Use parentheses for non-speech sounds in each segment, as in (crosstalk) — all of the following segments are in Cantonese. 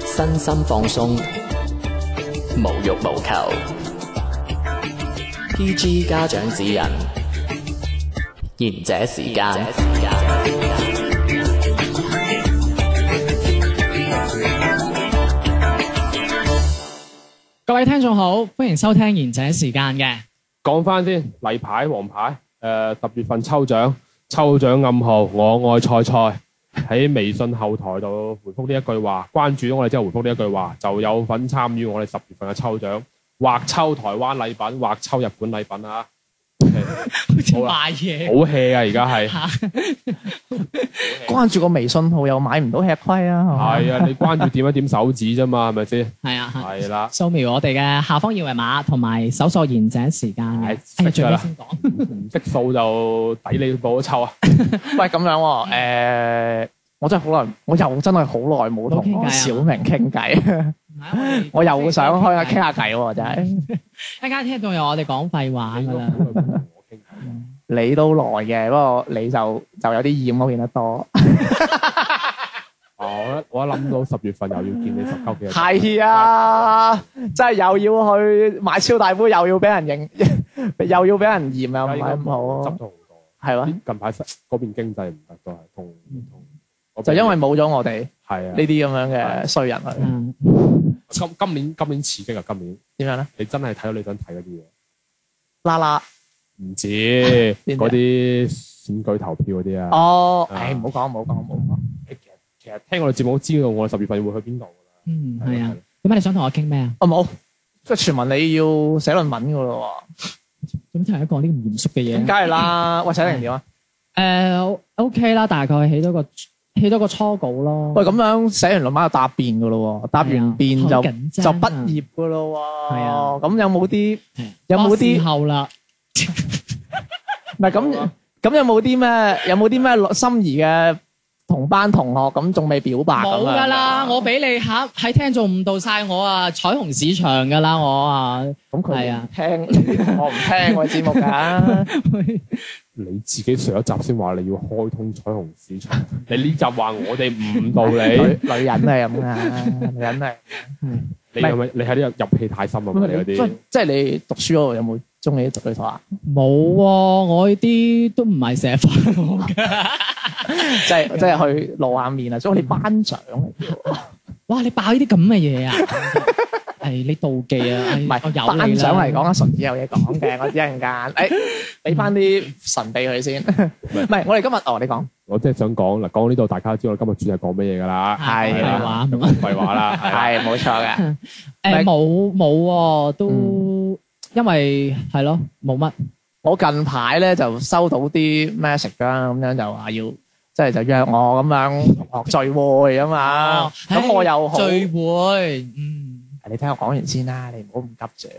身心放鬆，無欲無求。PG 家長指引，賢者時間。各位聽眾好，歡迎收聽賢者時間嘅。講翻先，例牌、黃牌，呃，特十月份抽獎，抽獎暗號，我愛菜菜。喺微信後台度回覆呢一句話，關注咗我哋之後回覆呢一句話，就有份參與我哋十月份嘅抽獎，或抽台灣禮品，或抽日本禮品啊！ (laughs) 好嘢，好 h e 啊！而家係關注個微信號又買唔到吃虧啊！係啊，你關注點一點手指啫嘛，係咪先？係啊，係啦，掃描我哋嘅下方二維碼，同埋搜索賢者時間嘅，識咗先講。識、哎、數就抵你部臭啊！喂， (laughs) 咁樣誒，我真係好耐，我又真係好耐冇同小明傾偈， (laughs) 我又想開下傾下偈，真係、啊。 (laughs) (laughs) 一陣間聽，仲有我哋講廢話噶啦。你都 (laughs) 來嘅，不過你就就有啲厭，我見得多。 (laughs) 我一諗到十月份又要見你十幾個鐘，係啊，真係又要去買超大屋，又要俾人認， (laughs) (laughs) 又要俾人嫌、這個這個這個、啊，唔好，係咁好。多。係嘛？近排嗰邊經濟唔得都係痛。唔就因為冇咗我哋呢啲咁樣嘅衰人去。今今年今年刺激啊！今年點樣咧？你真係睇到你想睇嗰啲嘢啦啦，不知道？唔止嗰啲選舉投票嗰啲啊！哦，唉、啊，唔好講唔好講唔好講。其實其實聽我哋節目都知道，我十月份會去邊度噶啦。嗯，係啊。做咩、啊啊、你想同我傾咩啊？哦，冇。即係傳聞你要寫論文噶啦喎。做咩聽人講啲唔嚴肅嘅嘢？梗係啦。喂，寫得點啊？誒、呃、OK 啦，大概起咗個。起多個初稿咯。喂，咁樣寫完論文就答辯噶咯，答完辯就就畢業噶咯。係啊，咁有冇啲有冇啲後啦？唔係咁咁有冇啲咩？有冇啲咩心儀嘅同班同學咁仲未表白？冇噶啦，我俾你吓喺聽眾誤導晒我啊！彩虹市場噶啦，我啊。咁佢係啊，聽我唔聽我嘅節目噶。你自己上一集先話你要開通彩虹市場， (laughs) 你呢集話我哋唔誤導你，唔係，女，女人係咁㗎， (laughs) 女人啊、嗯！你係咪你喺呢啲入戲太深啊？你嗰啲即係你讀書嗰度有冇中意啲讀書台啊？冇，我呢啲都唔係寫法， (laughs) 即係即係去露下面啊！所以我哋班長嚟嘅， (laughs) 哇！你爆呢啲咁嘅嘢啊！ (laughs) 係你妒忌啊？唔係班長嚟講啊，純子有嘢講嘅，我一陣間誒俾翻啲神秘佢先。唔係，我哋今日哦，你講，我即係想講嗱，講呢度大家都知道，今日主要係講乜嘢噶啦？係廢話啦，係冇錯嘅。誒，冇冇都，因為係咯，冇乜。我近排咧就收到啲 message 啦，咁樣就話要即係就約我咁樣同學聚會啊嘛。咁我又聚會。你聽我講完先啦，你唔好咁急住。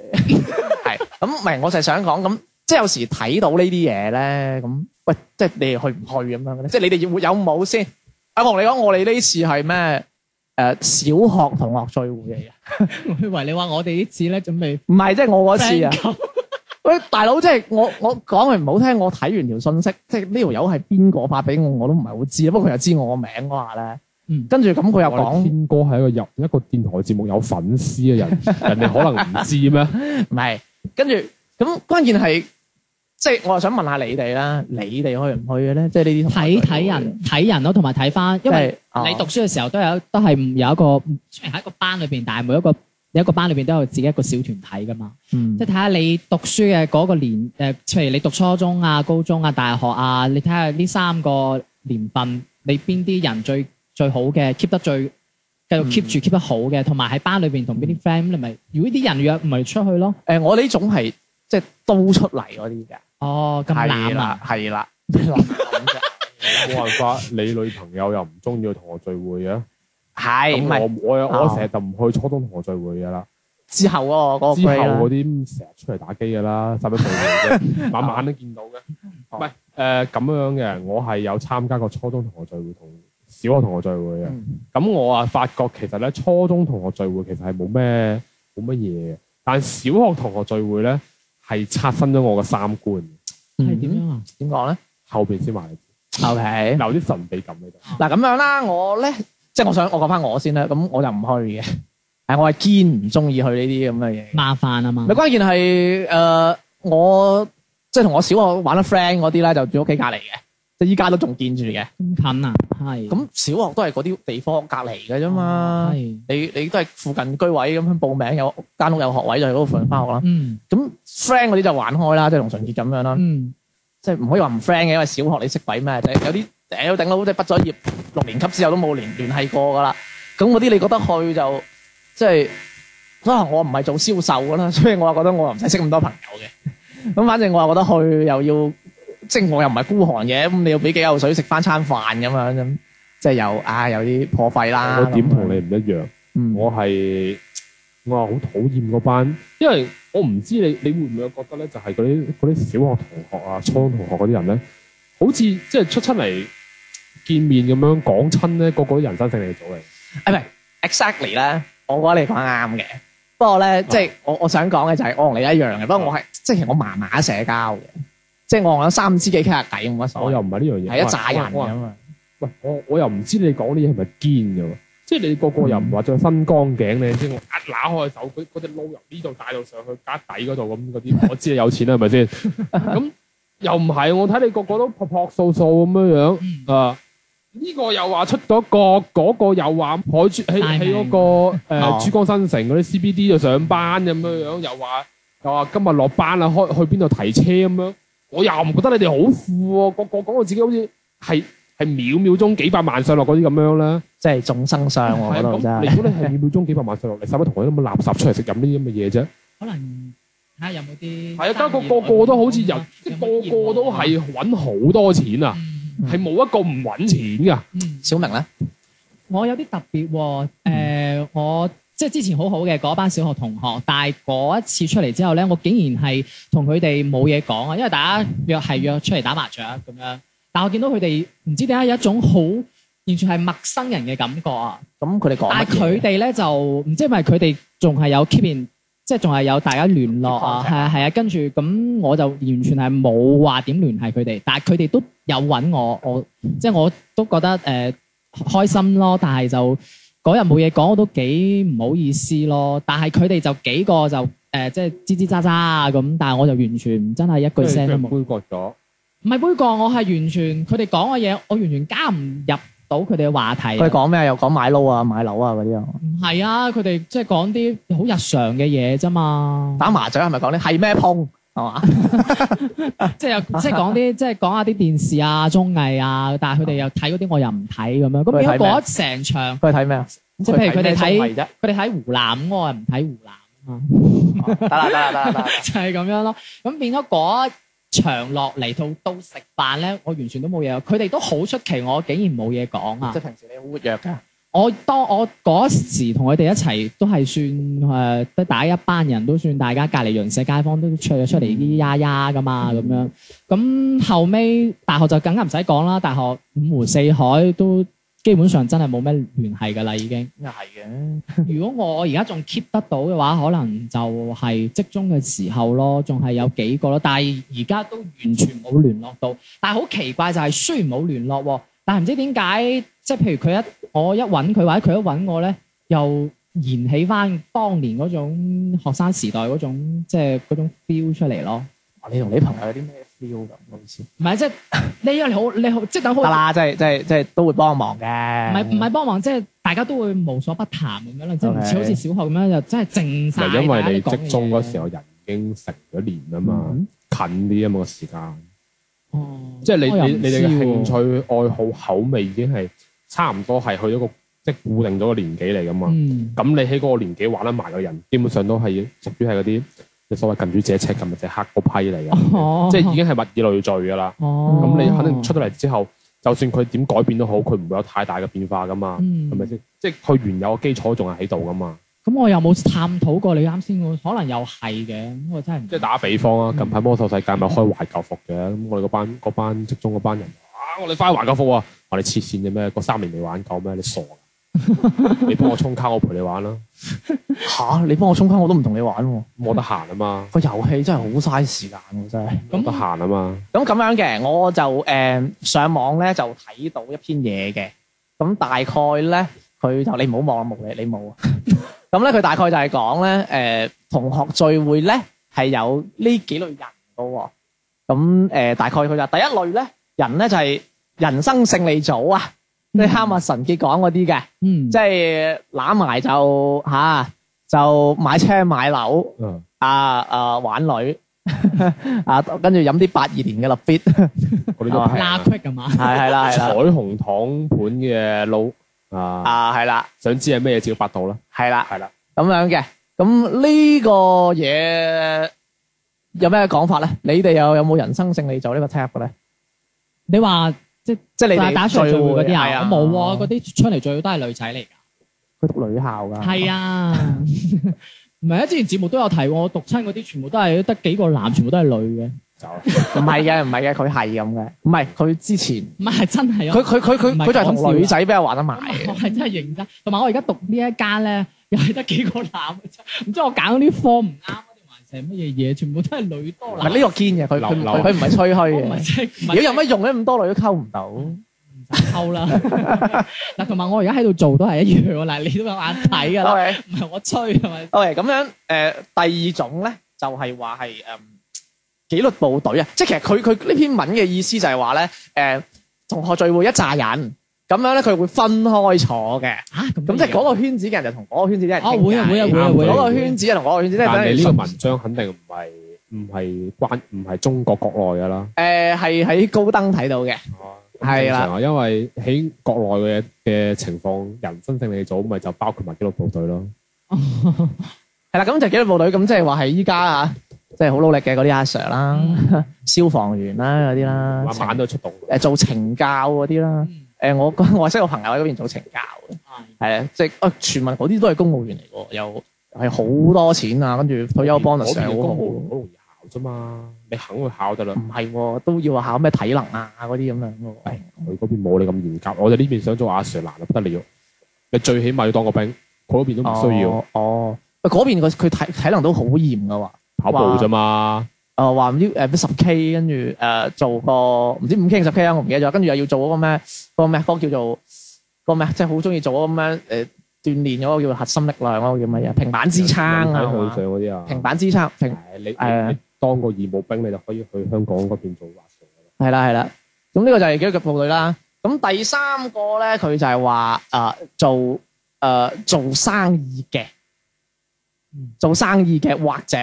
係 (laughs) 咁，唔、嗯、係、嗯、我就係想講咁、嗯，即係有時睇到呢啲嘢咧，咁、嗯、喂，即係你哋去唔去咁樣咧？即係你哋會有冇先？阿 (laughs) 紅，你講我哋呢次係咩？誒、呃，小學同學聚會嚟嘅。嘢 (laughs) 喂你話我哋呢次咧準備唔係，即、就、係、是、我嗰次啊。喂， (laughs) 大、就、佬、是，即係我我講句唔好聽，我睇完條信息， (laughs) 即係呢條友係邊個發俾我，我都唔係好知。不過佢又知我個名嗰下咧。跟住咁，佢又講：天哥係一個有一個電台節目有粉絲嘅人，人哋可能唔知咩？唔係，跟住咁關鍵係，即係我係想問下你哋啦，你哋去唔去嘅咧？即係呢啲睇睇人，睇人咯，同埋睇返，因為你讀書嘅時候都有都係有一個，雖然喺一個班裏邊，但係每一個有一個班裏邊都有自己一個小團體㗎嘛。嗯，即係睇下你讀書嘅嗰個年，誒，譬如你讀初中啊、高中啊、大學啊，你睇下呢三個年份，你邊啲人最？最好嘅 keep 得最，繼續 keep 住 keep 得好嘅，同埋喺班裏邊同邊啲 friend，你咪如果啲人約唔係出去咯。誒，我呢種係即係都出嚟嗰啲嘅。哦，咁冷啊，係啦。冇辦法，你女朋友又唔中意去同學聚會啊？係，唔係，我我成日就唔去初中同學聚會噶啦。之後嗰個之後嗰啲成日出嚟打機噶啦，使乜聚會啫？晚晚都見到嘅。唔係，誒咁樣嘅，我係有參加過初中同學聚會同。小學同學聚會啊，咁、嗯、我啊發覺其實咧初中同學聚會其實係冇咩冇乜嘢，但小學同學聚會咧係刷新咗我個三觀。係、嗯、點樣點講咧？後邊先話你。O、okay、K。留啲神秘感俾你。嗱、啊、咁樣啦，我咧即係我想我講翻我先啦，咁我就唔去嘅，係我係堅唔中意去呢啲咁嘅嘢。麻煩啊嘛。咪關鍵係誒我即係同我小學玩得 friend 嗰啲咧就住屋企隔籬嘅。即係依家都仲見住嘅，咁近啊？係。咁小學都係嗰啲地方隔離嘅啫嘛。係。你你都係附近居委咁樣，報名有間屋有學位，就喺嗰度附近翻學啦。嗯。咁 friend 嗰啲就玩開啦，即係同純潔咁樣啦。嗯。即係唔可以話唔 friend 嘅，因為小學你識鬼咩？就係、是、有啲頂我頂到，即係畢咗業六年級之後都冇聯聯繫過㗎啦。咁嗰啲你覺得去就即係，可能、就是、我唔係做銷售㗎啦，所以我又覺得我又唔使識咁多朋友嘅。咁 (laughs) 反正我又覺得去又要。即係我又唔係孤寒嘅，咁你要俾幾嚿水食翻餐飯咁樣啫，即係有啊，有啲破費啦。我點同你唔一樣？我係我係好討厭嗰班，因為我唔知你你會唔會覺得咧，就係嗰啲嗰啲小學同學啊、初中同學嗰啲人咧，好似即係出出嚟見面咁樣講親咧，個個都人生勝利組嘅。誒唔係，exactly 啦，我覺得你講得啱嘅。不過咧，即係我我想講嘅就係我同你一樣嘅。不過我係即係其實我麻麻社交嘅。即係我我有三五知己傾下偈，我又唔係呢樣嘢，係一紮人嚟啊嘛。喂，我我又唔知你講啲嘢係咪堅㗎喎？即係你個個又唔話着新光頸咧，你知我一揦開手，嗰嗰隻撈由呢度帶到上去家底嗰度咁嗰啲。我知你有錢啦，係咪先？咁又唔係我睇你個個都樸樸素素咁樣樣啊？呢個又話出咗國，嗰個又話海珠喺喺嗰個誒珠江新城嗰啲 C B D 度上班咁樣樣，又話又話今日落班啦，開去邊度提車咁樣。我又唔覺得你哋好富、哦，個個講到自己好似係係秒秒鐘幾百萬上落嗰啲咁樣咧，即係眾生相我諗真係。 (laughs) 如果你係秒秒鐘幾百萬上落， (laughs) 你使乜同佢咁嘅垃圾出嚟食飲呢啲咁嘅嘢啫？可能睇下有冇啲係啊，家個個，個個個都好似有，即係個，個個都係搵好多錢啊，係、嗯、冇一個唔搵錢噶、嗯。小明咧，我有啲特別、啊，誒、嗯呃，我。即係之前好好嘅嗰班小學同學，但係嗰一次出嚟之後咧，我竟然係同佢哋冇嘢講啊！因為大家約係約出嚟打麻雀咁樣，但係我見到佢哋唔知點解有一種好完全係陌生人嘅感覺啊！咁佢哋講，但係佢哋咧就唔知係咪佢哋仲係有 keep in，即係仲係有大家聯絡啊？係啊係啊，跟住咁我就完全係冇話點聯繫佢哋，但係佢哋都有搵我，我即係我都覺得誒、呃、開心咯，但係就。嗰日冇嘢講我都幾唔好意思咯，但係佢哋就幾個就誒即係吱吱喳喳啊咁，但係我就完全唔真係一句聲都冇。杯葛咗，唔係杯葛，我係完全佢哋講嘅嘢，我完全加唔入到佢哋嘅話題。佢講咩？又講買樓啊、買樓啊嗰啲啊。唔係啊，佢哋即係講啲好日常嘅嘢啫嘛。打麻雀係咪講啲？係咩碰？ (laughs) (laughs) 即係即係講啲即係講下啲電視啊、綜藝啊，但係佢哋又睇嗰啲，我又唔睇咁樣。咁變咗嗰成一場，佢哋睇咩啊？即係譬如佢哋睇，佢哋睇湖南，我又唔睇湖南啊嘛。得、 (laughs) 啊、啦得啦得啦，啦 (laughs) 就係咁樣咯。咁變咗嗰場落嚟到到食飯咧，我完全都冇嘢。佢哋都好出奇，我竟然冇嘢講啊！即係平時你好活躍噶。我當我嗰時同佢哋一齊都係算誒，得、呃、大家一班人都算大家隔籬鄰舍街坊都出咗出嚟咿咿呀呀噶嘛咁樣。咁後尾大學就更加唔使講啦，大學五湖四海都基本上真係冇咩聯繫㗎啦，已經。係嘅， (laughs) 如果我而家仲 keep 得到嘅話，可能就係職中嘅時候咯，仲係有幾個咯，但係而家都完全冇聯絡到。但係好奇怪就係雖然冇聯絡喎，但係唔知點解，即係譬如佢一。我一揾佢或者佢一揾我咧，又燃起翻當年嗰種學生時代嗰種即係嗰種 feel 出嚟咯。你同你朋友有啲咩 feel 咁好似，唔係即係你好你好，即等好得啦，即係即係即係都會幫忙嘅。唔係唔係幫忙，即係大家都會無所不談咁樣，即係好似小學咁樣就真係淨係因為你職中嗰時候人已經成咗年啦嘛，嗯，近啲啊嘛個時間。哦，即係你你你哋嘅興趣愛好口味已經係。差唔多係去到個即係固定咗個年紀嚟噶嘛，咁、嗯、你喺嗰個年紀玩得埋嘅人，基本上都係屬於係嗰啲所謂近朱者赤近墨者黑嗰批嚟嘅、哦，即係已經係物以類聚噶啦。咁、哦、你肯定出咗嚟之後，就算佢點改變都好，佢唔會有太大嘅變化噶嘛，係咪先？即係佢原有嘅基礎仲係喺度噶嘛。咁、嗯、我又冇探討過你啱先，可能又係嘅，我真係即係打個比方啊，嗯、近排魔獸世界咪開懷舊服嘅，咁我哋嗰班嗰班職中嗰班人。我你翻去環球服啊！我哋黐線嘅咩？個、啊、三年未玩夠咩？你傻！ (laughs) 你幫我充卡，我陪你玩啦。吓、啊！你幫我充卡，我都唔同你玩、啊。冇得閒啊嘛！個遊戲真係好嘥時間、啊，真係咁得閒啊嘛！咁咁樣嘅，我就誒、呃、上網咧就睇到一篇嘢嘅。咁大概咧，佢就你唔好望冇嘢，你冇。咁咧，佢 (laughs) 大概就係講咧，誒、呃、同學聚會咧係有呢幾類人噶。咁誒、呃，大概佢就第一類咧。人咧就係人生勝利組啊，即係哈密神結講嗰啲嘅，即係攬埋就吓就買車買樓，啊啊玩女啊，跟住飲啲八二年嘅 lit 拉 quick 㗎嘛，係啦係啦，彩虹糖盤嘅佬啊啊係啦，想知係咩嘢？照百度啦，係啦係啦，咁樣嘅，咁呢個嘢有咩講法咧？你哋又有冇人生勝利組呢個 tap 嘅咧？你話即即你哋打算做嗰啲啊，我冇喎，嗰啲出嚟最好都係女仔嚟。佢讀女校㗎。係啊，唔係啊，之前節目都有提，我讀親嗰啲全部都係得幾個男，全部都係女嘅。就，唔係嘅，唔係嘅，佢係咁嘅，唔係佢之前唔係真係。佢佢佢佢佢就係同女仔比較玩得埋。我係真係認真，同埋我而家讀呢一間咧，又係得幾個男，唔知我揀嗰啲科唔啱。係乜嘢嘢？全部都係女多男，唔係呢個堅嘅，佢佢佢唔係吹噓嘅。 (laughs) 如果有乜用，都咁多女都溝唔到不溝，唔使溝啦。嗱，同埋我而家喺度做都係一樣。嗱，你都有眼睇噶啦，唔、okay. 係我吹係咪？咁、okay, 樣誒、呃，第二種咧就係話係誒紀律部隊啊，即係其實佢佢呢篇文嘅意思就係話咧，誒、呃、同學聚會一紮人。咁樣咧，佢會分開坐嘅嚇。咁、啊、即係嗰個圈子嘅人就同嗰個圈子啲人哦、啊，會啊會啊會啊會啊嗰、啊啊啊啊啊嗰個圈子啊同嗰個圈子即係但係呢個文章肯定唔係唔係關唔係中國國內㗎啦。誒係喺高登睇到嘅，係、啊、啦，因為喺國內嘅嘅情況人分勝利組，咪就包括埋紀律部隊咯。係 (laughs) 啦，咁就紀律部隊咁，即係話係依家啊，即係好努力嘅嗰啲阿 Sir 啦、消防員啦嗰啲啦，晚、嗯、晚都出動、呃、做懲教嗰啲啦。嗯誒、欸，我我識個朋友喺嗰邊做懲教嘅，係、嗯、啊，即係啊，全民嗰啲都係公務員嚟嘅，又係好多錢啊，跟住退休 bonus。公務員好容易考啫嘛，你肯去考得啦。唔係喎，都要考咩體能啊嗰啲咁樣。誒，佢嗰邊冇你咁嚴格，我哋呢邊想做阿 Sir 難得不得了。你最起碼要當個兵，佢嗰邊都唔需要哦。哦，嗰邊佢體體能都好嚴嘅喎，跑步啫嘛。啊，話唔知誒，十 K，跟住誒，做個唔知五 K 定十 K 啊，我唔記得咗。跟住又要做嗰個咩？嗰個咩？嗰個叫做嗰個咩？即係好中意做嗰個咩？誒，鍛鍊咗個叫核心力量咯，叫乜嘢？平板支撐啊！去上嗰啲啊！平板支撐、平你誒，當個義務兵，你就可以去香港嗰邊做滑水。係啦係啦，咁呢個就係幾個嘅步驟啦。咁第三個咧，佢就係話啊做，誒做生意嘅，做生意嘅或者。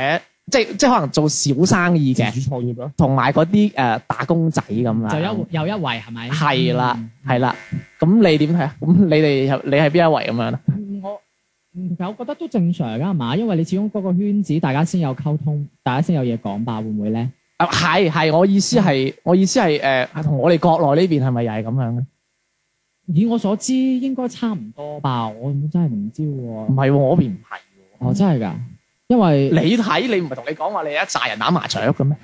即即可能做小生意嘅，自主創業，同埋嗰啲誒打工仔咁樣就一又一位係咪？係啦係啦，咁、嗯嗯、你點睇啊？咁你哋你係邊一位咁樣咧？我唔我覺得都正常噶，係嘛？因為你始終嗰個圈子，大家先有溝通，大家先有嘢講吧？會唔會咧？啊係係，我意思係，我意思係誒，同、呃、我哋國內呢邊係咪又係咁樣咧？以我所知，應該差唔多吧？我真係唔知喎、啊。唔係喎，嗰邊唔係喎。哦，真係噶。因為你睇你唔係同你講話你一紮人打麻雀㗎咩？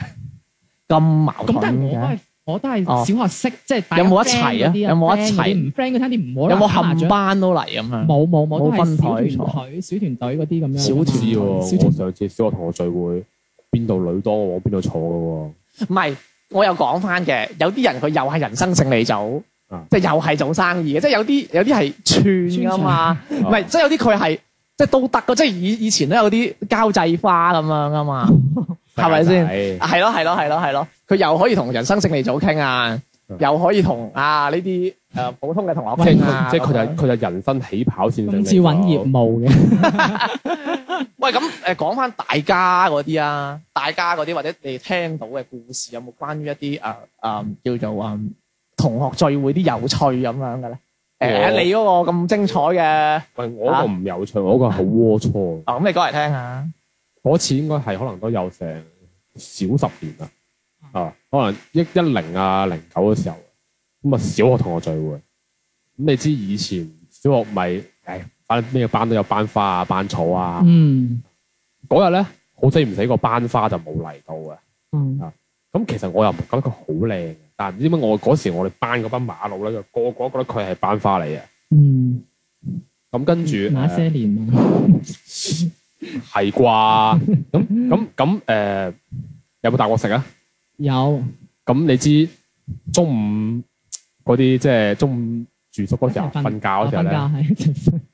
咁矛盾嘅。咁但係我都係我都係小學識，即係有冇一齊啊？有冇一齊？唔 friend 佢睇下啲唔好啦。有冇合班都嚟咁啊？冇冇冇，都係小團隊、小團隊嗰啲咁樣。少知喎，我上次小學同學聚會，邊度女多我邊度坐噶喎。唔係，我又講翻嘅，有啲人佢又係人生勝利組，即係又係做生意嘅，即係有啲有啲係串噶嘛。唔係，即係有啲佢係。即係都得噶，即係以以前都有啲交際花咁樣噶嘛，係咪先？係咯係咯係咯係咯，佢 (laughs) 又可以同人生勝利組傾啊， (laughs) 又可以同啊呢啲誒普通嘅同學傾 (laughs) 即係佢就佢就人生起跑線，唔似搵業務嘅。 (laughs) (laughs) 喂，咁誒講翻大家嗰啲啊，大家嗰啲或者你聽到嘅故事有冇關於一啲誒、啊啊、叫做話、啊、同學聚會啲有趣咁樣嘅咧？欸、你嗰個咁精彩嘅，喂，我嗰個唔有趣，我嗰個好齷齪。啊，咁、哦嗯、你講嚟聽下。嗰次應該係可能都有成小十年啦，嗯，啊，可能一一零啊零九嘅時候，咁啊小學同學聚會，咁你知以前小學咪，唉，反正咩班都有班花啊班草啊。嗯。嗰日咧好死唔死個班花就冇嚟到，嗯、啊，咁其實我又唔覺得佢好靚。但係唔知點解我嗰時我哋班個奔馬路咧，個，個個覺得佢係班花嚟嘅。嗯，咁跟住那些年啊，係、呃、啩？咁咁咁誒，有冇大鑊食啊？有。咁你知中午嗰啲即係中午住宿嗰時候瞓覺嗰時咧？ (laughs)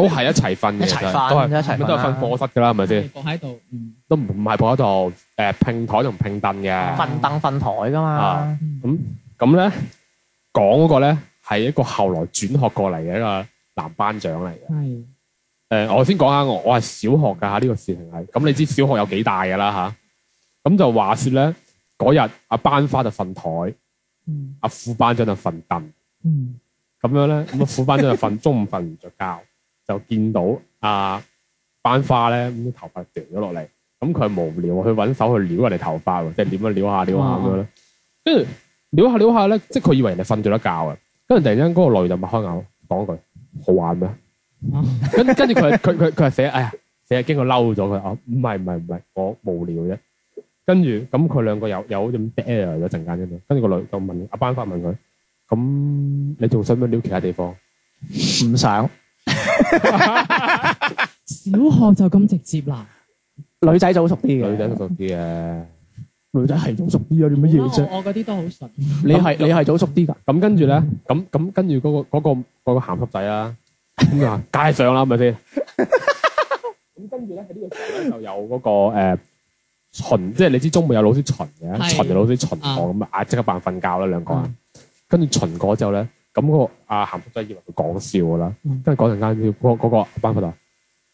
都係一齊瞓，一齊瞓，都係一齊瞓，都係瞓課室噶啦，係咪先？喺度，都唔唔係喺度，誒、嗯呃，拼台同拼凳嘅。瞓凳瞓台噶嘛？咁咁咧，講、嗯、嗰個咧係一個後來轉學過嚟嘅一個男班長嚟嘅。係，誒，我先講下我，我係小學嘅吓，呢、呢個事情係。咁你知小學有幾大噶啦吓？咁就話說咧，嗰日阿班花就瞓台，阿副班長就瞓凳。咁樣咧，咁啊副班長就瞓、嗯、中午瞓唔着覺。 (laughs) 就見到阿、啊、班花咧，咁啲頭髮掉咗落嚟，咁佢係無聊，去揾手去撩人哋頭髮，即係點樣撩下撩下咁樣咯。跟住撩下撩下咧，即係佢、就是、以為人哋瞓咗一覺啊。跟住突然間嗰個女就擘開眼講句好玩咩？跟跟住佢佢佢佢話死哎呀死，驚嬲咗佢啊！唔係唔係唔係，我無聊啫。跟住咁佢兩個又又嗰種嗲咗陣間啫嘛。跟住個女就問阿班花問佢，咁你仲想唔想撩其他地方？唔想。 (laughs) 小學就咁直接啦，女仔早熟啲嘅，女仔早熟啲嘅，女仔係早熟啲啊？做乜嘢啫？我嗰啲都好熟，你係你係早熟啲噶？咁跟住咧，咁、嗯、咁跟住嗰、那個嗰、那個嗰、那個鹹濕、那個、仔啊，咁、嗯、啊，街上啦，係 (laughs) 咪先上了？咁跟住咧，喺呢個時候就有嗰、那個誒、呃、巡， (laughs) 即係你知中午有老師巡嘅，巡嘅老師巡我咁啊，即刻扮瞓覺啦，兩個人、嗯。跟住巡過之後咧。咁、那個阿咸福仔就以為佢講笑噶啦，跟住嗰陣間，嗰嗰、那個、那個、班花就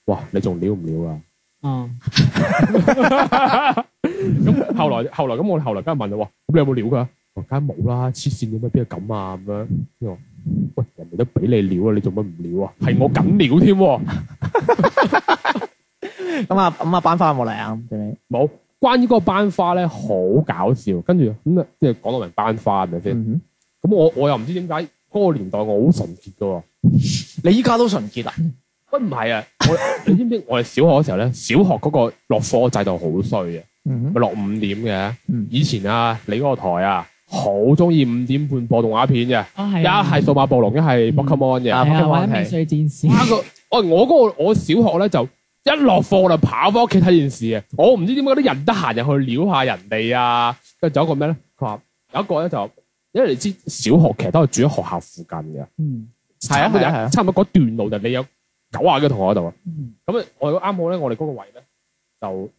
哇，你仲撩唔撩啊？嗯，咁 (laughs) (laughs) 後來後來咁我後來跟住問佢話，咁你有冇撩佢噶？我梗係冇啦，黐線嘅咩？邊度敢啊？咁樣，跟、欸、喂，人哋都俾你撩啦，你做乜唔撩啊？係、嗯、我敢撩添，咁啊咁啊， (laughs) (laughs) 班花冇嚟啊？冇，關於嗰個班花咧，好搞笑。跟住咁即係講到明班花係咪、嗯、先？咁、嗯、我我又唔知點解。嗰、那個年代我好純潔嘅喎，你依家都純潔啊？喂，唔係啊，我你知唔知我哋小學嘅時候咧？小學嗰個落課制度好衰嘅，落、嗯、五點嘅。以前啊，你嗰個台啊，好中意五點半播動畫片嘅，一、哦、係、啊、數碼暴龍，嗯啊啊、一係 Pokemon 嘅，Pokemon 我嗰、那個我小學咧就一落課我就跑翻屋企睇電視嘅。我唔知點解啲人得閒就去撩下人哋啊，跟住仲有一個咩咧？佢、嗯、話有一個咧就。因為你知小學其實都係住喺學校附近嘅，嗯，差唔多差唔多嗰段路就你、是、有九啊個同學喺度，啊、嗯。咁啊我啱好咧，我哋嗰個位咧就誒、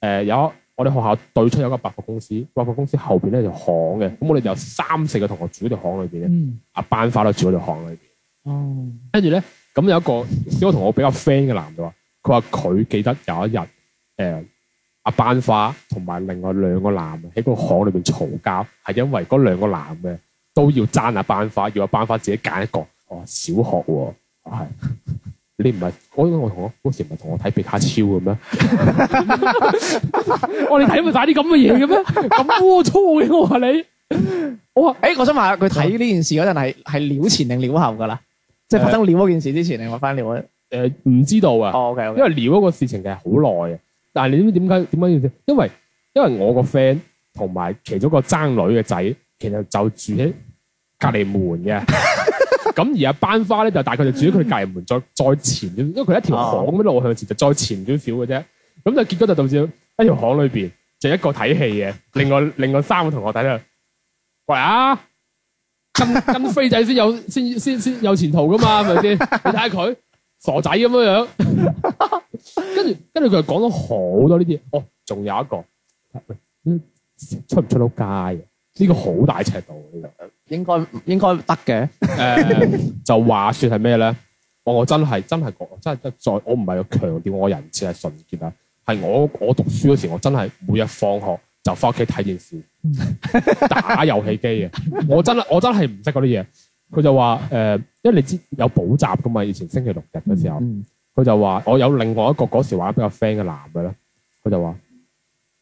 呃、有我哋學校對出有個百貨公司，百貨公司後邊咧條巷嘅，咁我哋就三四個同學住喺條巷裏邊咧、嗯，阿班花都住喺條巷裏邊，哦、嗯，跟住咧咁有一個小學同學比較 friend 嘅男嘅話，佢話佢記得有一日誒。呃阿班花同埋另外兩個男喺個巷裏邊嘈交，係因為嗰兩個男嘅都要爭阿班花，要阿班花自己揀一個。哦，小學喎、哦，係你唔係嗰陣我同我時唔係同我睇皮卡超嘅咩？我哋睇咪快啲咁嘅嘢嘅咩？咁我嘅我話你，我話誒、欸，我想問下佢睇呢件事嗰陣係係聊前定聊後噶啦、嗯？即係發生聊嗰件事之前定我翻聊誒，唔、呃、知道啊。哦、o、okay, k、okay. 因為撩嗰個事情其實好耐啊。但係你知唔知點解點解要？因為因為我個 friend 同埋其中個爭女嘅仔，其實就住喺隔籬門嘅。咁 (laughs) 而阿班花咧就大概就住喺佢隔籬門再再前因為佢一條巷咁樣落向前，就再前少少嘅啫。咁就結果就導致喺一條巷裏邊就一個睇戲嘅，另外另外三個同學睇就喂啊，咁跟,跟飛仔先有先先先有前途㗎嘛，係咪先？你睇下佢傻仔咁樣樣。 (laughs) 跟住，跟住佢又講咗好多呢啲哦，仲有一個，喂，出唔出到街啊？呢個好大尺度啊，呢個應該應該得嘅。誒、呃，就話說係咩咧？我真真我真係真係講，真係真再，我唔係要強調我人設係純潔啊，係我我讀書嗰時，我真係每日放學就翻屋企睇電視， (laughs) 打遊戲機嘅。我真我真係唔識嗰啲嘢。佢就話誒、呃，因為你知有補習噶嘛，以前星期六日嘅時候。嗯嗯。佢就話：我有另外一個嗰時候玩比較 friend 嘅男嘅咧，佢就話：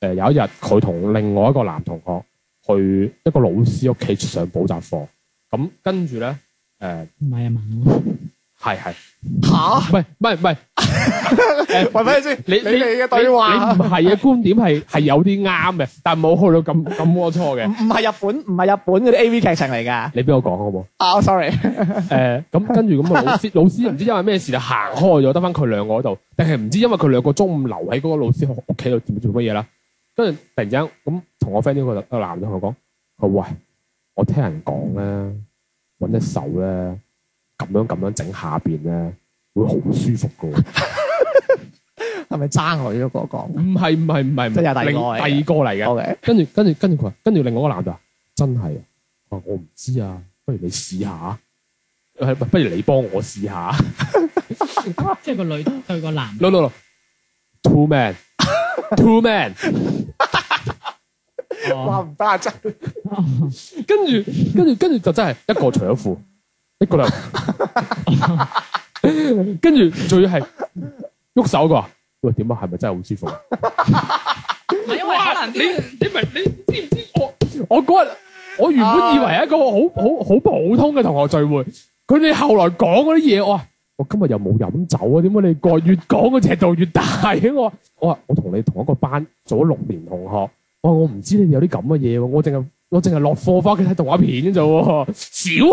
誒，有一日佢同另外一個男同學去一個老師屋企上補習課，咁跟住咧誒。呃買係係吓，唔係唔係唔係，問翻你先。你你你嘅對話，你唔係嘅觀點係係有啲啱嘅，但係冇去到咁咁齷齪嘅。唔係日本，唔係日本嗰啲 AV 劇情嚟噶。你畀我講好唔好？啊，sorry。誒，咁跟住咁啊，老師老師唔知因為咩事就，行開咗，得翻佢兩個喺度。定係唔知因為佢兩個中午留喺嗰個老師屋企度做做乜嘢啦。跟住突然間咁，同我 friend 呢個男同學講：佢喂，我聽人講咧，搵隻手咧。咁樣咁樣整下邊咧，會好舒服噶、 (laughs) 那個。係咪爭佢一個講？唔係唔係唔係，另第二個嚟嘅、okay.。跟住跟住跟住佢話，跟住另外個男就話，真係啊！我唔知啊，不如你試下，不如你幫我試下。 (laughs) 即係個女對個男，no no no，two man，two man，話 (laughs) 唔、oh. 得、啊、真 (laughs) 跟。跟住跟住跟住就真係一個除咗褲。一個嚟， (laughs) 跟住仲要係喐手啩？喂，點啊？係咪真係好舒服？因為可能你你唔係你，你知唔知我我嗰日我原本以為係一個好、uh... 好好好普通嘅同學聚會，佢哋後來講嗰啲嘢，我我今日又冇飲酒啊？點解你講越講個尺度越大？我我我同你同一個班做咗六年同學，我我唔知你有啲咁嘅嘢，我淨係我淨係落課翻屋企睇動畫片啫，咋小學、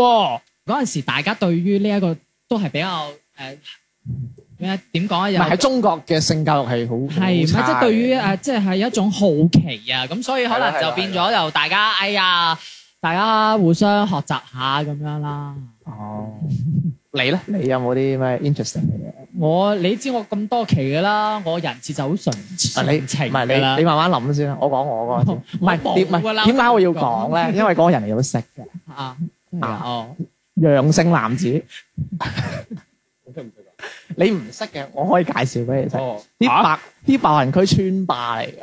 啊。嗰陣時，大家對於呢一個都係比較誒咩點講啊？唔係喺中國嘅性教育係好係唔係即係對於誒即係係一種好奇啊！咁所以可能就變咗由大家哎呀，大家互相學習下咁樣啦。哦，你咧，你有冇啲咩 interesting 嘅嘢？我你知我咁多期嘅啦，我人設就好純粹。唔係你，唔係你，你慢慢諗先啦。我講我嘅，唔係唔係，點解我要講咧？因為嗰個人有識嘅啊啊哦。陽性男子，不懂啊、 (laughs) 你唔識嘅，我可以介紹俾你聽。啲、哦、白啲、啊、白雲區村霸嚟㗎，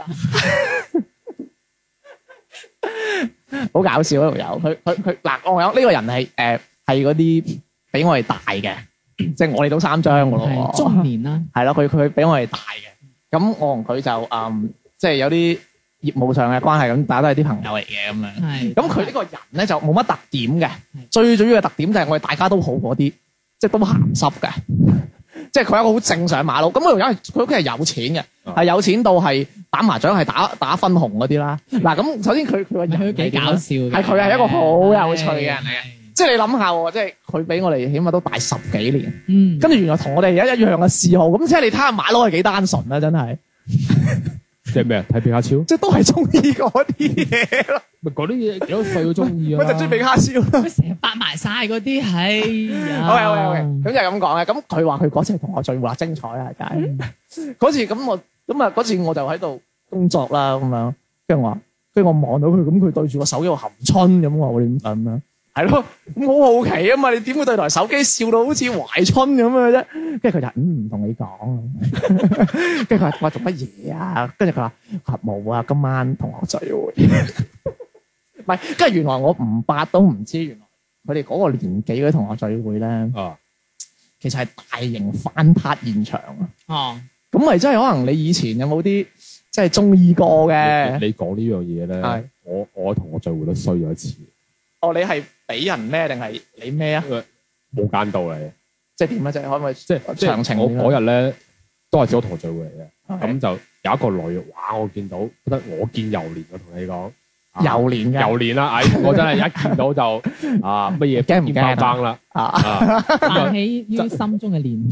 好 (laughs) (laughs) 搞笑啊！條友，佢佢佢嗱，我有呢、這個人係誒係嗰啲比我哋大嘅，即係、 (coughs) 就是、我哋都三張嘅咯中年啦、啊，係咯，佢佢比我哋大嘅，咁我同佢就嗯即係、就是、有啲。業務上嘅關係咁，大家都係啲朋友嚟嘅咁樣。係，咁佢呢個人咧就冇乜特點嘅。最主要嘅特點就係我哋大家都好嗰啲，即係都鹹濕嘅。即係佢係一個好正常馬佬。咁佢而家佢屋企係有錢嘅，係、哦、有錢到係打麻雀係打打分紅嗰啲啦。嗱、嗯，咁首先佢佢個人幾搞笑嘅，係佢係一個好有趣嘅人嚟嘅。即、欸、係、嗯就是、你諗下喎，即係佢比我哋起碼都大十幾年。嗯、跟住原來同我哋而家一樣嘅嗜好。咁即係你睇下馬佬係幾單純啦，真係。 (laughs) 即係咩啊？睇皮卡超，即係都係中意嗰啲嘢咯。咪嗰啲嘢幾多歲都中意啊。我就中意皮卡超啦。成日發埋晒嗰啲係。好嘅，好嘅，咁就係咁講嘅。咁佢話佢嗰次同我聚會精彩啊，真係。嗰次咁我咁啊，嗰次我就喺度工作啦咁樣。跟住我，跟住我望到佢，咁佢對住我手機度含春咁，我話點啊咁樣。係咯，咁好好奇啊嘛！你點會對台手機笑到好似懷春咁嘅啫？跟住佢就嗯 (laughs) 就唔唔同你講，跟住佢話：話做乜嘢啊？跟住佢話：冇啊，今晚同學 (laughs) 我同學聚會。唔係，跟住原來我唔八都唔知，原來佢哋嗰個年紀嘅同學聚會咧，啊，其實係大型翻拍現場啊。哦、啊，咁咪即係可能你以前有冇啲即係中意過嘅？你講呢樣嘢咧，我我同學聚會都衰咗一次。哦，你係俾人咩定係你咩啊？冇間道嚟，即係點啊？即係可唔可以？即係長情。我嗰日咧都係小學同學聚會嚟嘅，咁、okay. 就有一個女，嘩，我見到，覺得我見幼年，啊、年。我同你講，幼年，幼年啦，唉，我真係一見到就啊乜嘢驚唔驚啦，啊，怕怕啊 (laughs) 起於心中嘅年，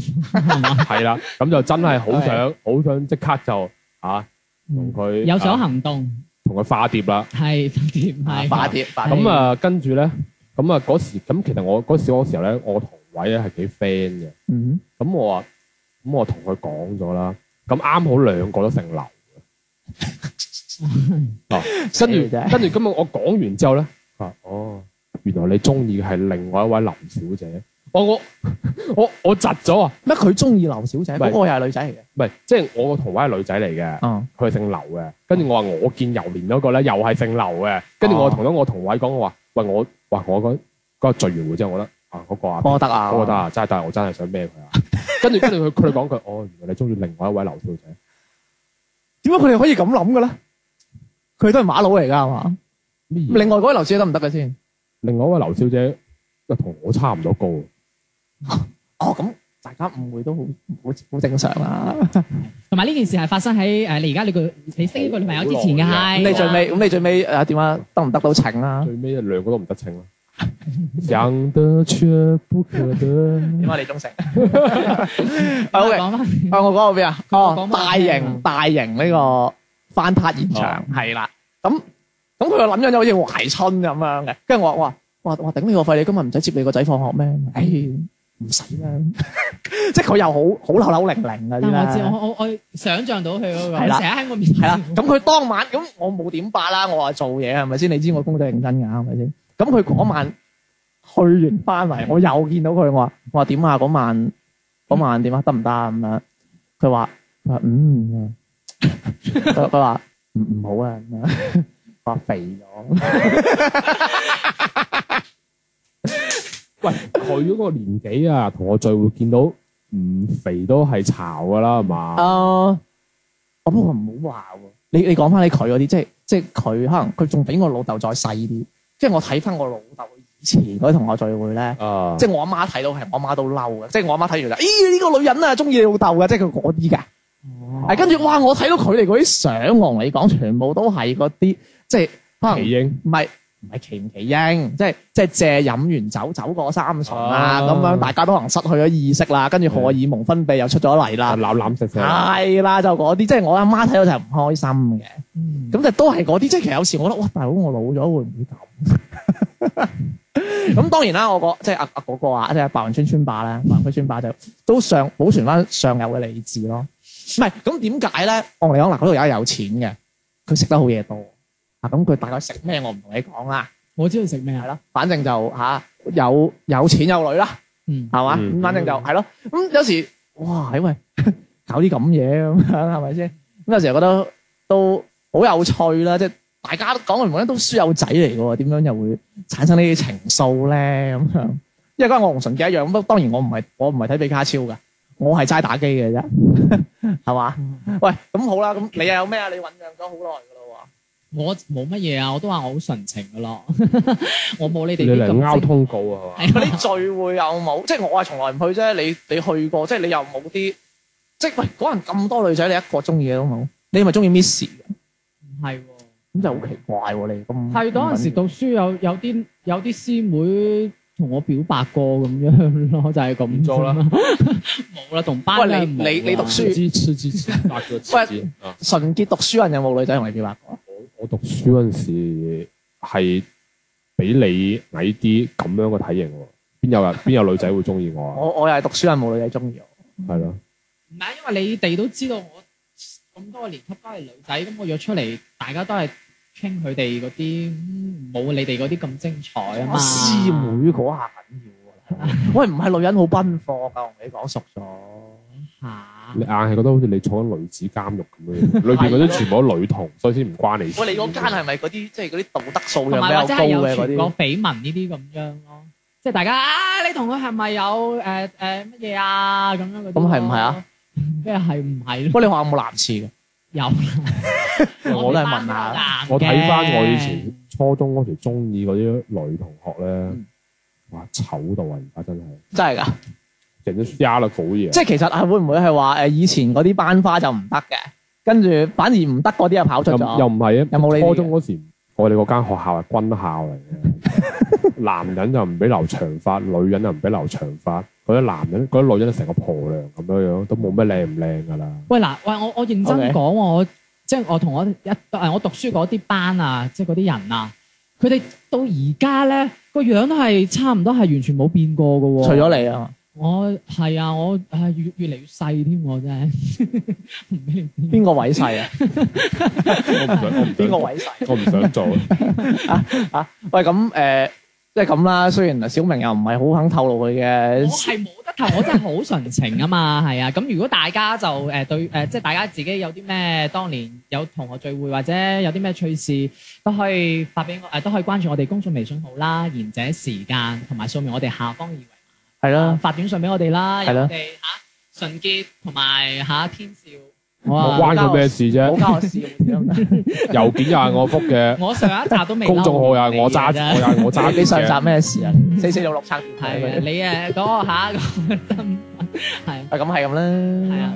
係 (laughs) 啦是吧，咁 (laughs) (laughs) 就真係好想好、okay. 想即刻就啊，同佢、嗯、有所行動。同佢化蝶啦，係化蝶，係化蝶。咁啊，跟住咧，咁啊嗰時，咁其實我嗰時嗰時候咧，我同位咧係幾 friend 嘅。嗯。咁我話，咁我同佢講咗啦，咁啱好兩個都姓劉。啊，跟住跟住，今日我講完之後咧，啊，哦，原來你中意嘅係另外一位林小姐。哦、我我我我窒咗啊！乜佢中意劉小姐？不過是我係女仔嚟嘅。唔係，即、就、係、是、我個同位係女仔嚟嘅。佢係、嗯、姓劉嘅。跟住我話我見右面嗰個咧，又係姓劉嘅。跟住我同咗我同位講，我話喂我，喂我嗰嗰、嗰個聚完會之後，我覺得啊、嗰個啊，我，啊我覺得啊，真係，但係我真係想咩佢啊。跟住跟住佢佢講佢哦，原來你中意另外一位劉小姐。點解佢哋可以咁諗嘅咧？佢都係馬佬嚟噶係嘛？麼另外嗰位劉小姐得唔得嘅先？另外一位劉小姐，同我差唔多高。哦，咁、哦、大家誤會都好，好，好正常啦、啊。同埋呢件事係發生喺誒，你而家你，你呢個你識呢個女朋友之前嘅係。咁你最尾，咁你最尾誒點啊？得唔得到情啦最尾啊，兩個都唔得情啦、啊。點 (laughs) (laughs) 啊，你忠誠？O K，啊我講到邊啊？我 (laughs) 哦，大型 (laughs) 大型呢個翻拍現場係啦。咁咁佢個諗法就好似懷春咁樣嘅。跟住我話，我話，我話頂你個肺，你今日唔使接你個仔放學咩？哎唔使啦，即係佢又好好扭扭零零嘅，你知我我我想象到佢嗰個，成日喺我面前係啦。咁佢當晚咁，我冇點辦啦，我話做嘢係咪先？你知我工作認真嘅係咪先？咁佢嗰晚去完翻嚟，我又見到佢，我話我話點啊？嗰晚嗰晚點啊？得唔得啊？咁樣，佢話佢話嗯，佢話唔唔好啊，我話肥咗。 (laughs) 喂，佢嗰個年紀啊，同 (laughs) 我聚會見到唔肥都係醜噶啦，係嘛？哦，不過唔好話喎。你你講翻你佢嗰啲，即係即係佢可能佢仲比我老豆再細啲。即係我睇翻我老豆以前嗰啲同學聚會咧、uh，即係我阿媽睇到係我阿媽都嬲嘅。即係我阿媽睇完就咦呢、欸這個女人啊中意你老豆嘅，即係佢嗰啲嘅。係、uh. 跟住哇，我睇到佢哋嗰啲相，我同你講，全部都係嗰啲，即係可能唔係。唔係奇唔奇英，即係即係借飲完酒走過三巡啦、啊，咁、oh. 樣大家都可能失去咗意識啦，跟住荷爾蒙分泌又出咗嚟啦，冧冧食食，係啦就嗰啲，即係、就是就是、我阿媽睇到就唔開心嘅，咁、嗯、就都係嗰啲，即係其實有時我覺得哇，大佬我老咗會唔會咁？咁 (laughs) (laughs) 當然啦，我個即係阿阿嗰個啊，即、那、係、個就是、白雲村村霸咧，白雲區村霸就都上保存返上有嘅理智咯，唔係咁點解咧？我嚟講嗱嗰度而家有錢嘅，佢食得好嘢多，多。啊咁佢大概食咩？我唔同你講啦。我知道食咩係咯，反正就吓有有錢有女啦，嗯，係嘛，咁反正就係咯。咁有時哇，因為搞啲咁嘢咁樣，係咪先？咁有時又覺得都好有趣啦，即係大家都講完，都都有仔嚟嘅喎。點樣又會產生呢啲情愫咧？咁樣，因為嗰日我同純記一樣，咁當然我唔係我唔係睇比卡超噶，我係齋打機嘅啫，係嘛？喂，咁好啦，咁你又有咩啊？你醞釀咗好耐。我冇乜嘢啊！我都話我好純情噶咯， (laughs) 我冇你哋啲咁。你嚟勾通告啊？係啲聚會又冇，即係我係從來唔去啫。你你去過，即係你又冇啲，即係喂嗰陣咁多女仔，你一個中意都冇。你係咪中意 Miss 嘅？唔係，咁就好奇怪喎你咁。係嗰陣時讀書有有啲有啲師妹同我表白過咁樣咯，就係、是、咁。唔做啦，冇啦，同班。喂，你你你讀書？支持支持。喂，純潔讀書人有冇女仔同你表白過？我讀書嗰陣時係比你矮啲，咁樣個體型，邊有，有啊？邊有女仔會中意我？我我又係讀書啊，冇女仔中意我，係咯？唔係因為你哋都知道我咁多年級都係女仔，咁我約出嚟，大家都係傾佢哋嗰啲，冇、嗯、你哋嗰啲咁精彩啊嘛。師妹嗰下緊要， (laughs) 喂，唔係女人好奔放噶，啊，同你講熟咗。吓、啊！你硬係覺得好似你坐緊女子監獄咁樣， (laughs) 裏邊嗰啲全部都女同，所以先唔關你事。 (laughs) 喂，你嗰間係咪嗰啲即係嗰啲道德素養又比較高嘅嗰啲？講緋聞呢啲咁樣咯，即係大家啊，你同佢係咪有誒誒乜嘢啊咁樣咁係唔係啊？即係唔係？嗯、是不過、啊 (laughs) 是啊、 (laughs) 你話有冇男廁嘅？有 (laughs) 我我，我都係問下。我睇翻我以前初中嗰時中意嗰啲女同學咧、嗯，哇醜到啊！而家真係真係噶。廿六好嘢，即係其實係會唔會係話誒以前嗰啲班花就唔得嘅，跟住反而唔得嗰啲又跑出咗，又唔係啊，又冇你。初中嗰時，我哋嗰間學校係軍校嚟嘅， (laughs) 男人就唔俾留長髮，女人就唔俾留長髮。嗰啲男人，嗰啲女人都成個婆娘咁樣樣，都冇咩靚唔靚噶啦。喂嗱，喂、呃、我我認真講，okay. 我即係、就是、我同我一誒我讀書嗰啲班啊，即係嗰啲人啊，佢哋到而家咧個樣都係差唔多，係完全冇變過噶、啊。除咗你啊。我係啊，我係、啊、越越嚟越細添，我真係。邊個位細啊？邊個位細？我唔想做。啊啊！喂，咁誒、呃，即係咁啦。雖然小明又唔係好肯透露佢嘅，我係冇得透露，我真係好純情啊嘛，係 (laughs) 啊。咁如果大家就誒、呃、對誒、呃，即係大家自己有啲咩當年有同學聚會或者有啲咩趣事，都可以發俾我，誒、呃、都可以關注我哋公眾微信號啦，賢者時間同埋掃描我哋下方二係、啊、啦，發短信俾我哋啦，人哋吓純潔同埋夏天笑，啊，我啊關佢咩事啫？我交我笑，郵件又係我覆嘅，我上一集都未，公眾號又係我揸住，又係我揸嘅，關佢咩事啊？四四六六拆條牌，你誒講下，係啊，咁係咁啦，係啊。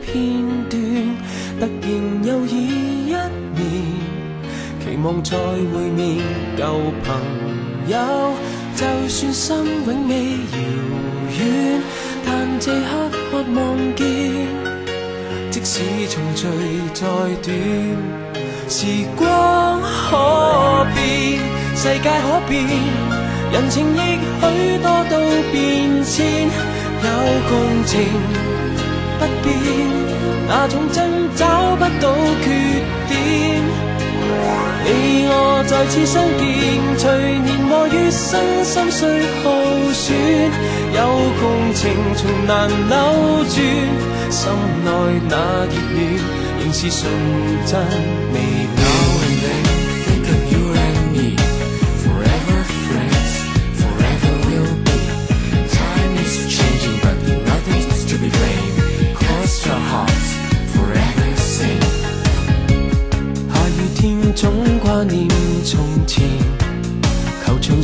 片段。突然有期望再會面，舊朋友，就算心永未遙遠，但這刻渴望見。即使重聚再短，時光可變，世界可變，人情亦許多都變遷，有共情不變，那種真找不到缺點。你我再次相見，隨年月，身心碎耗損，有共情從難扭轉。心內那熱戀，仍是純真。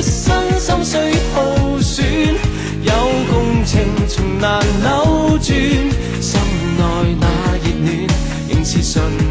一生心碎好選，有共情從難扭轉，心內那熱暖，仍是純。